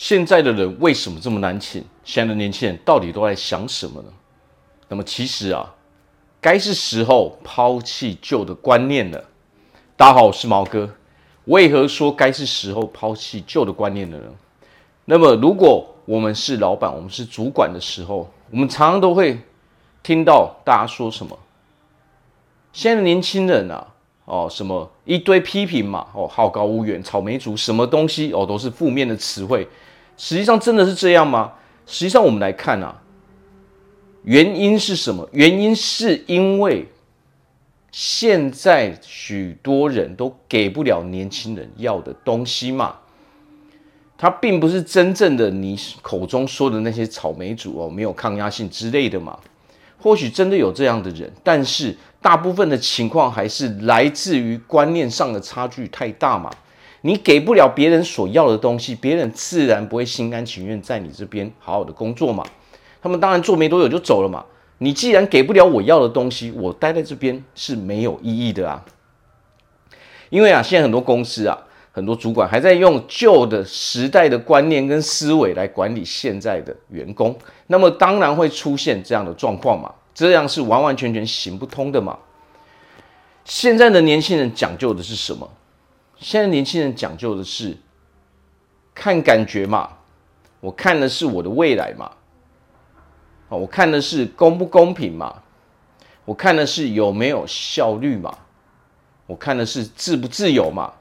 現在的人為什麼這麼難請？現在的年輕人到底都在想什麼呢？那麼其實啊，該是時候拋棄舊的觀念了。大家好，我是毛哥。為何說該是時候拋棄舊的觀念了呢？那麼如果我們是老板，我們是主管的時候，我們常常都會聽到大家說什麼？現在的年輕人啊，哦，什麼一堆批評嘛，哦，好高騖遠，草莓族，什麼東西，哦，都是負面的詞彙。實際上真的是這樣嗎？實際上我們來看啊，原因是什麼？原因是因為現在許多人都給不了年輕人要的東西嘛。他並不是真正的你口中說的那些草莓族哦，沒有抗壓性之類的嘛。或許真的有這樣的人，但是大部分的情況還是來自於觀念上的差距太大嘛。你給不了別人所要的東西，別人自然不會心甘情願在你這邊好好的工作嘛。他們當然做沒多久就走了嘛。你既然給不了我要的東西，我待在這邊是沒有意義的啊。因為啊，現在很多公司啊，很多主管還在用舊的時代的觀念跟思維來管理現在的員工，那麼當然會出現這樣的狀況嘛。這樣是完完全全行不通的嘛。現在的年輕人講究的是什麼？現在年輕人講究的是看感覺嘛，我看的是我的未來嘛，我看的是公不公平嘛，我看的是有沒有效率嘛，我看的是自不自由嘛。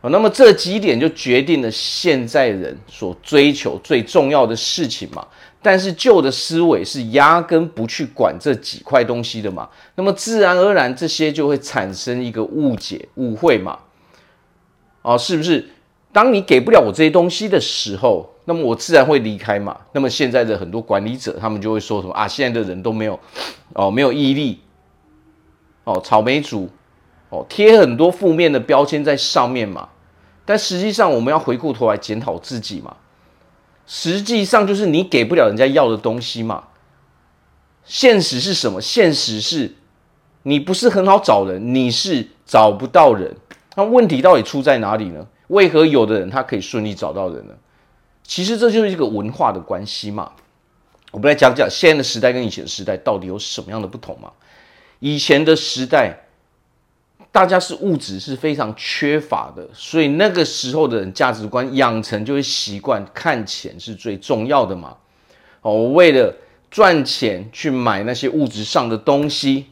哦，那麼這幾點就決定了現在人所追求最重要的事情嘛。但是舊的思維是壓根不去管這幾塊東西的嘛，那麼自然而然這些就會產生一個誤解，誤會嘛。哦，是不是？當你給不了我這些東西的時候，那麼我自然會離開嘛。那麼現在的很多管理者，他們就會說什麼啊？現在的人都沒有，哦，沒有毅力，哦，草莓族，哦，貼很多負面的標籤在上面嘛。但實際上，我們要回過頭來檢討自己嘛。實際上就是你給不了人家要的東西嘛。現實是什麼？現實是你不是很好找人，你是找不到人。那問題到底出在哪裡呢？為何有的人他可以順利找到人呢？其實這就是一個文化的關係嘛。我們來講講現在的時代跟以前的時代到底有什麼樣的不同嘛？以前的時代，大家是物質是非常缺乏的，所以那個時候的人價值觀養成就會習慣看錢是最重要的嘛。哦，我為了賺錢去買那些物質上的東西。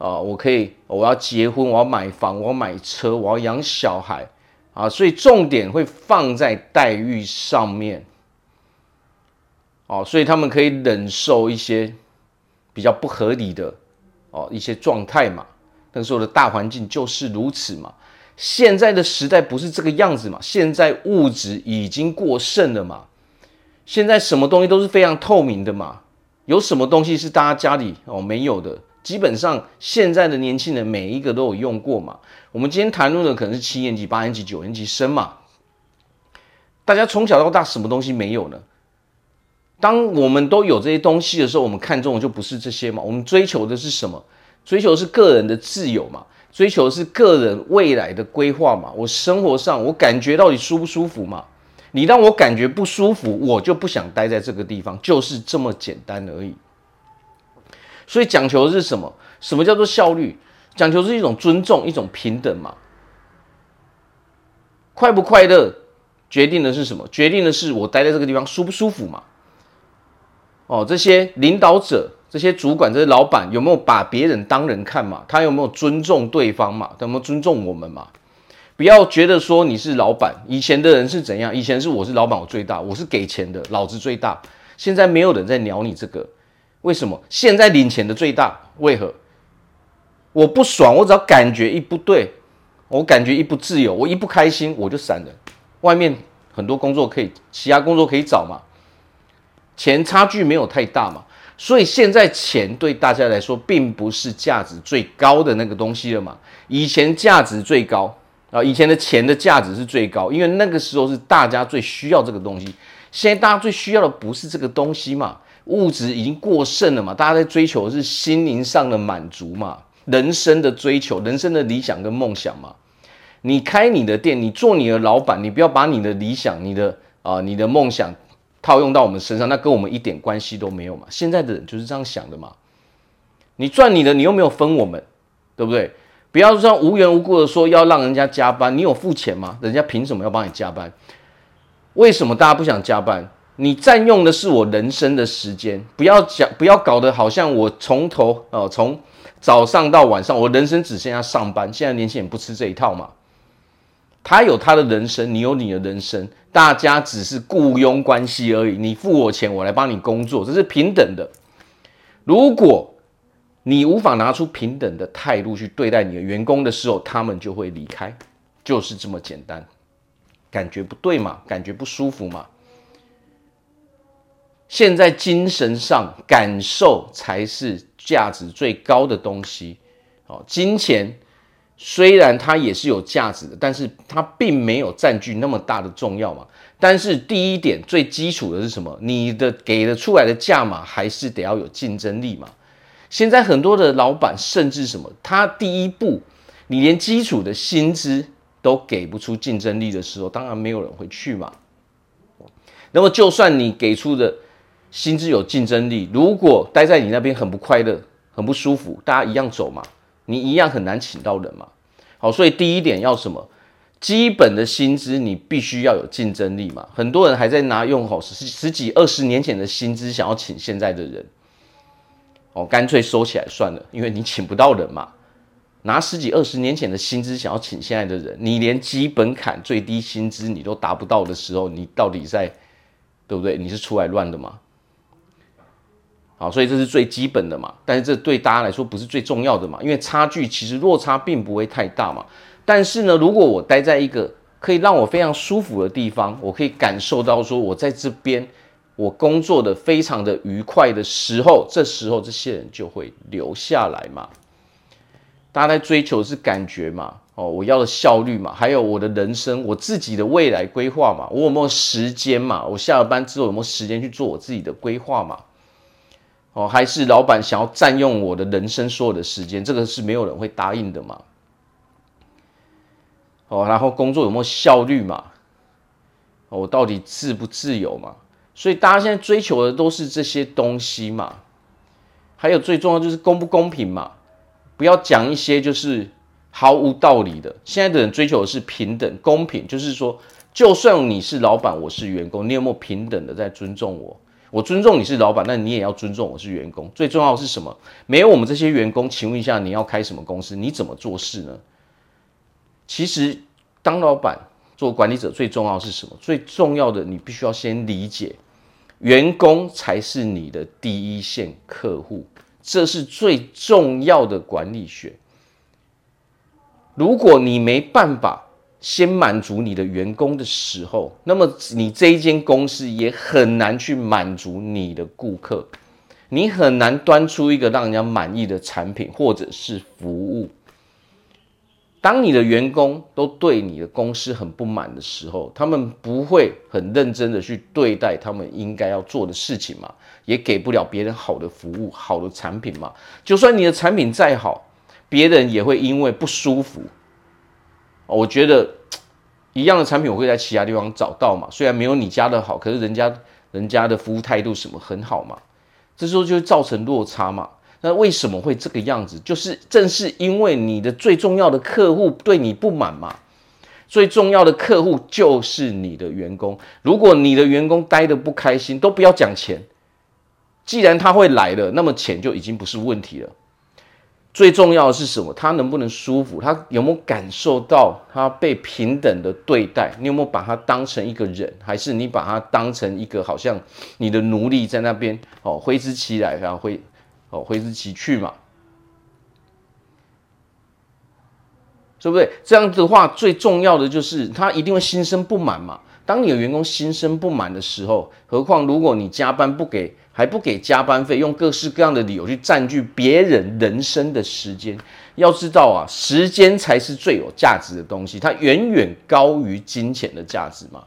啊，我可以，我要結婚，我要買房，我要買車，我要養小孩，啊，所以重點會放在待遇上面，哦、啊，所以他們可以忍受一些比較不合理的，哦、啊，一些狀態嘛。那時候的大環境就是如此嘛。現在的時代不是這個樣子嘛？現在物質已經過剩了嘛？現在什麼東西都是非常透明的嘛？有什麼東西是大家家裡哦、啊，沒有的？基本上現在的年輕人每一個都有用過嘛。我們今天談論的可能是七年級、八年級、九年級生嘛。大家從小到大什麼東西沒有呢？當我們都有這些東西的時候，我們看中的就不是這些嘛。我們追求的是什麼？追求的是個人的自由嘛？追求的是個人未來的規劃嘛？我生活上我感覺到底舒不舒服嘛？你讓我感覺不舒服，我就不想待在這個地方，就是這麼簡單而已。所以講求的是什麼？什麼叫做效率？講求是一種尊重，一種平等嘛。快不快樂，決定的是什麼？決定的是我待在這個地方舒不舒服嘛。哦，這些領導者、這些主管、這些老板有沒有把別人當人看嘛？他有沒有尊重對方嘛？他有沒有尊重我們嘛？不要覺得說你是老板，以前的人是怎樣？以前是我是老板，我最大，我是給錢的，老子最大。現在沒有人在鳥你這個。為什麼現在領錢的最大？為何？我不爽，我只要感覺一不對，我感覺一不自由，我一不開心，我就散了。外面很多工作可以，其他工作可以找嘛，錢差距沒有太大嘛。所以現在錢對大家來說，並不是價值最高的那個東西了嘛。以前價值最高啊，以前的錢的價值是最高，因為那個時候是大家最需要這個東西。現在大家最需要的不是這個東西嘛。物質已經過剩了嘛，大家在追求的是心靈上的滿足嘛，人生的追求，人生的理想跟夢想嘛。你開你的店，你做你的老板，你不要把你的理想、你的啊、呃、你的夢想套用到我們身上，那跟我們一點關係都沒有嘛。現在的人就是這樣想的嘛。你賺你的，你又沒有分我們，對不對？不要這樣無緣無故的說要讓人家加班，你有付錢嗎？人家憑什麼要幫你加班？為什麼大家不想加班？你佔用的是我人生的時間，不要講，不要搞得好像我從頭，呃，從早上到晚上，我人生只剩下上班。現在年輕人不吃這一套嘛。他有他的人生，你有你的人生，大家只是雇傭關係而已。你付我錢，我來幫你工作，這是平等的。如果你無法拿出平等的態度去對待你的員工的時候，他們就會離開，就是這麼簡單。感覺不對嘛。感覺不舒服嘛。現在精神上感受才是價值最高的東西。哦，金錢雖然它也是有價值的，但是它並沒有占據那麼大的重要嘛。但是第一點最基礎的是什麼？你的給得出來的價碼還是得要有競爭力嘛。現在很多的老闆甚至什麼，他第一步你連基礎的薪資都給不出競爭力的時候，當然沒有人會去嘛。那麼就算你給出的，薪資有競爭力，如果待在你那邊很不快樂、很不舒服，大家一樣走嘛，你一樣很難請到人嘛。好，所以第一點要什麼？基本的薪資你必須要有競爭力嘛。很多人還在拿用好十十幾、二十年前的薪資想要請現在的人，哦，乾脆收起來算了，因為你請不到人嘛。拿十幾、二十年前的薪資想要請現在的人，你連基本砍最低薪資你都達不到的時候，你到底在對不對？你是出來亂的嘛？好，所以這是最基本的嘛，但是這對大家來說不是最重要的嘛，因為差距其實落差並不會太大嘛。但是呢，如果我待在一個可以讓我非常舒服的地方，我可以感受到說我在這邊我工作的非常的愉快的時候，這時候這些人就會留下來嘛。大家在追求的是感覺嘛，哦，我要的效率嘛，還有我的人生，我自己的未來規劃嘛，我有沒有時間嘛，我下了班之後有沒有時間去做我自己的規劃嘛？哦，還是老闆想要占用我的人生所有的時間，這個是沒有人會答應的嘛。哦，然後工作有沒有效率嘛？哦，我到底自不自由嘛？所以大家現在追求的都是這些東西嘛。還有最重要就是公不公平嘛？不要講一些就是毫無道理的。現在的人追求的是平等公平，就是說，就算你是老闆，我是員工，你有沒有平等的在尊重我？我尊重你是老闆，那你也要尊重我是員工。最重要的是什麼？沒有我們這些員工，請問一下，你要開什麼公司？你怎麼做事呢？其實，當老闆、做管理者最重要的是什麼？最重要的，你必須要先理解，員工才是你的第一線客戶，這是最重要的管理學。如果你沒辦法，先滿足你的員工的時候，那麼你這一間公司也很難去滿足你的顧客，你很難端出一個讓人家滿意的產品或者是服務。當你的員工都對你的公司很不滿的時候，他們不會很認真的去對待他們應該要做的事情嘛，也給不了別人好的服務、好的產品嘛。就算你的產品再好，別人也會因為不舒服。我覺得一樣的產品我會在其他地方找到嘛，雖然沒有你家的好，可是人家，人家的服務態度什麼很好嘛，這時候就會造成落差嘛。那為什麼會這個樣子？就是正是因為你的最重要的客戶對你不滿嘛。最重要的客戶就是你的員工，如果你的員工待得不開心，都不要講錢。既然他會來了，那麼錢就已經不是問題了。最重要的是什麼？他能不能舒服？他有沒有感受到他被平等的對待？你有沒有把他當成一個人，還是你把他當成一個好像你的奴隸在那邊哦揮之即來，然、啊、後揮哦揮之即去嘛？對不對？這樣的話，最重要的就是他一定會心生不滿嘛。當你的員工心生不滿的時候，何況如果你加班不給。還不給加班費，用各式各樣的理由去佔據別人人生的時間。要知道啊，時間才是最有價值的東西，它遠遠高於金錢的價值嘛。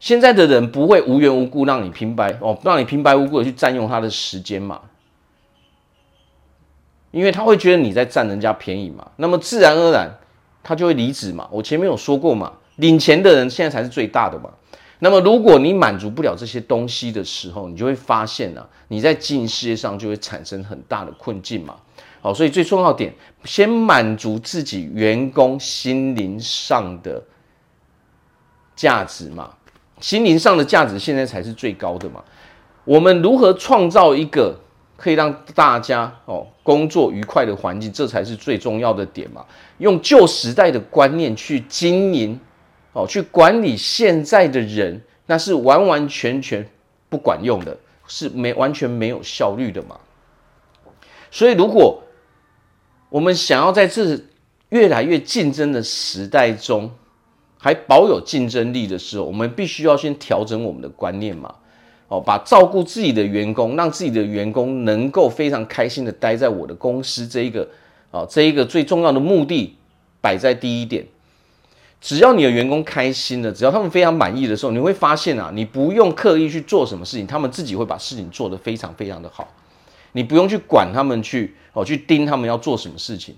現在的人不會無緣無故讓你平白哦，讓你平白無故的去佔用他的時間嘛，因為他會覺得你在佔人家便宜嘛。那麼自然而然，他就會離職嘛。我前面有說過嘛，領錢的人現在才是最大的嘛。那麼，如果你滿足不了這些東西的時候，你就會發現呢、啊，你在經營事業上就會產生很大的困境嘛。好，所以最重要點，先滿足自己員工心靈上的價值嘛，心靈上的價值現在才是最高的嘛。我們如何創造一個可以讓大家哦工作愉快的環境，這才是最重要的點嘛。用舊時代的觀念去經營。哦，去管理現在的人，那是完完全全不管用的，是沒，完全沒有效率的嘛。所以，如果我們想要在這越來越競爭的時代中還保有競爭力的時候，我們必須要先調整我們的觀念嘛。哦，把照顧自己的員工，讓自己的員工能夠非常開心的待在我的公司，這一個，哦，這一個最重要的目的，擺在第一點。只要你的員工開心了，只要他們非常滿意的時候，你會發現啊，你不用刻意去做什麼事情，他們自己會把事情做得非常非常的好。你不用去管他們去哦、喔，去盯他們要做什麼事情，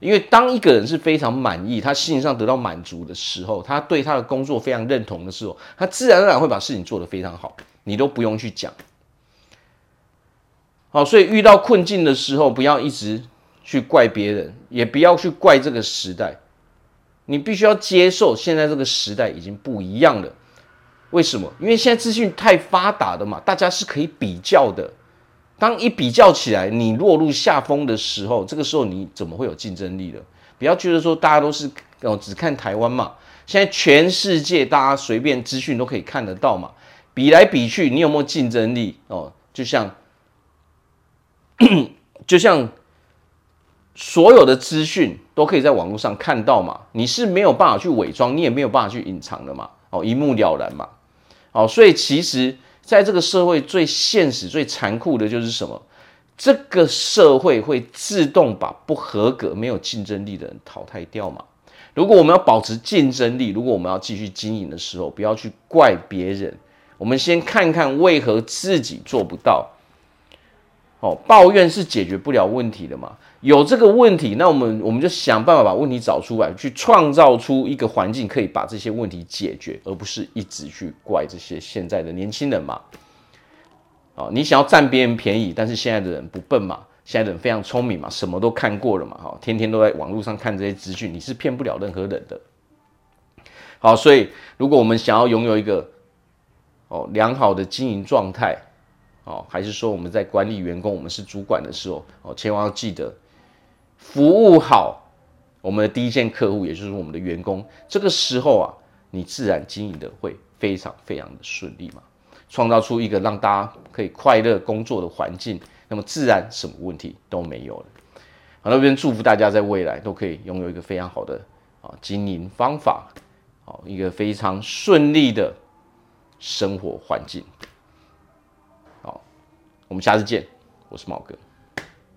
因為當一個人是非常滿意，他心靈上得到滿足的時候，他對他的工作非常認同的時候，他自然而然會把事情做得非常好，你都不用去講。好，所以遇到困境的時候，不要一直去怪別人，也不要去怪這個時代。你必須要接受，現在這個時代已經不一樣了。為什麼？因為現在資訊太發達了嘛，大家是可以比較的。當一比較起來，你落入下風的時候，這個時候你怎麼會有競爭力的？不要覺得說大家都是哦，只看台灣嘛。現在全世界大家隨便資訊都可以看得到嘛，比來比去，你有沒有競爭力？哦，就像， 就像。所有的資訊都可以在網絡上看到嘛，你是沒有辦法去偽裝，你也沒有辦法去隱藏的嘛，哦，一目了然嘛，哦，所以其實在這個社會最現實、最殘酷的就是什麼？這個社會會自動把不合格、沒有競爭力的人淘汰掉嘛。如果我們要保持競爭力，如果我們要繼續經營的時候，不要去怪別人，我們先看看為何自己做不到。哦，抱怨是解決不了問題的嘛。有這個問題，那我們我們就想辦法把問題找出來，去創造出一個環境，可以把這些問題解決，而不是一直去怪這些現在的年輕人嘛。哦，你想要佔別人便宜，但是現在的人不笨嘛，現在的人非常聰明嘛，什麼都看過了嘛，哦，天天都在網絡上看這些資訊，你是騙不了任何人的。好，所以如果我們想要擁有一個哦，良好的經營狀態。哦，還是說我們在管理員工，我們是主管的時候，哦，千萬要記得服務好我們的第一線客戶，也就是我們的員工。這個時候啊，你自然經營的會非常非常的順利嘛，創造出一個讓大家可以快樂工作的環境，那麼自然什麼問題都沒有了。好，那邊祝福大家在未來都可以擁有一個非常好的啊經營方法，哦，一個非常順利的生活環境。我們下次見，我是茂哥。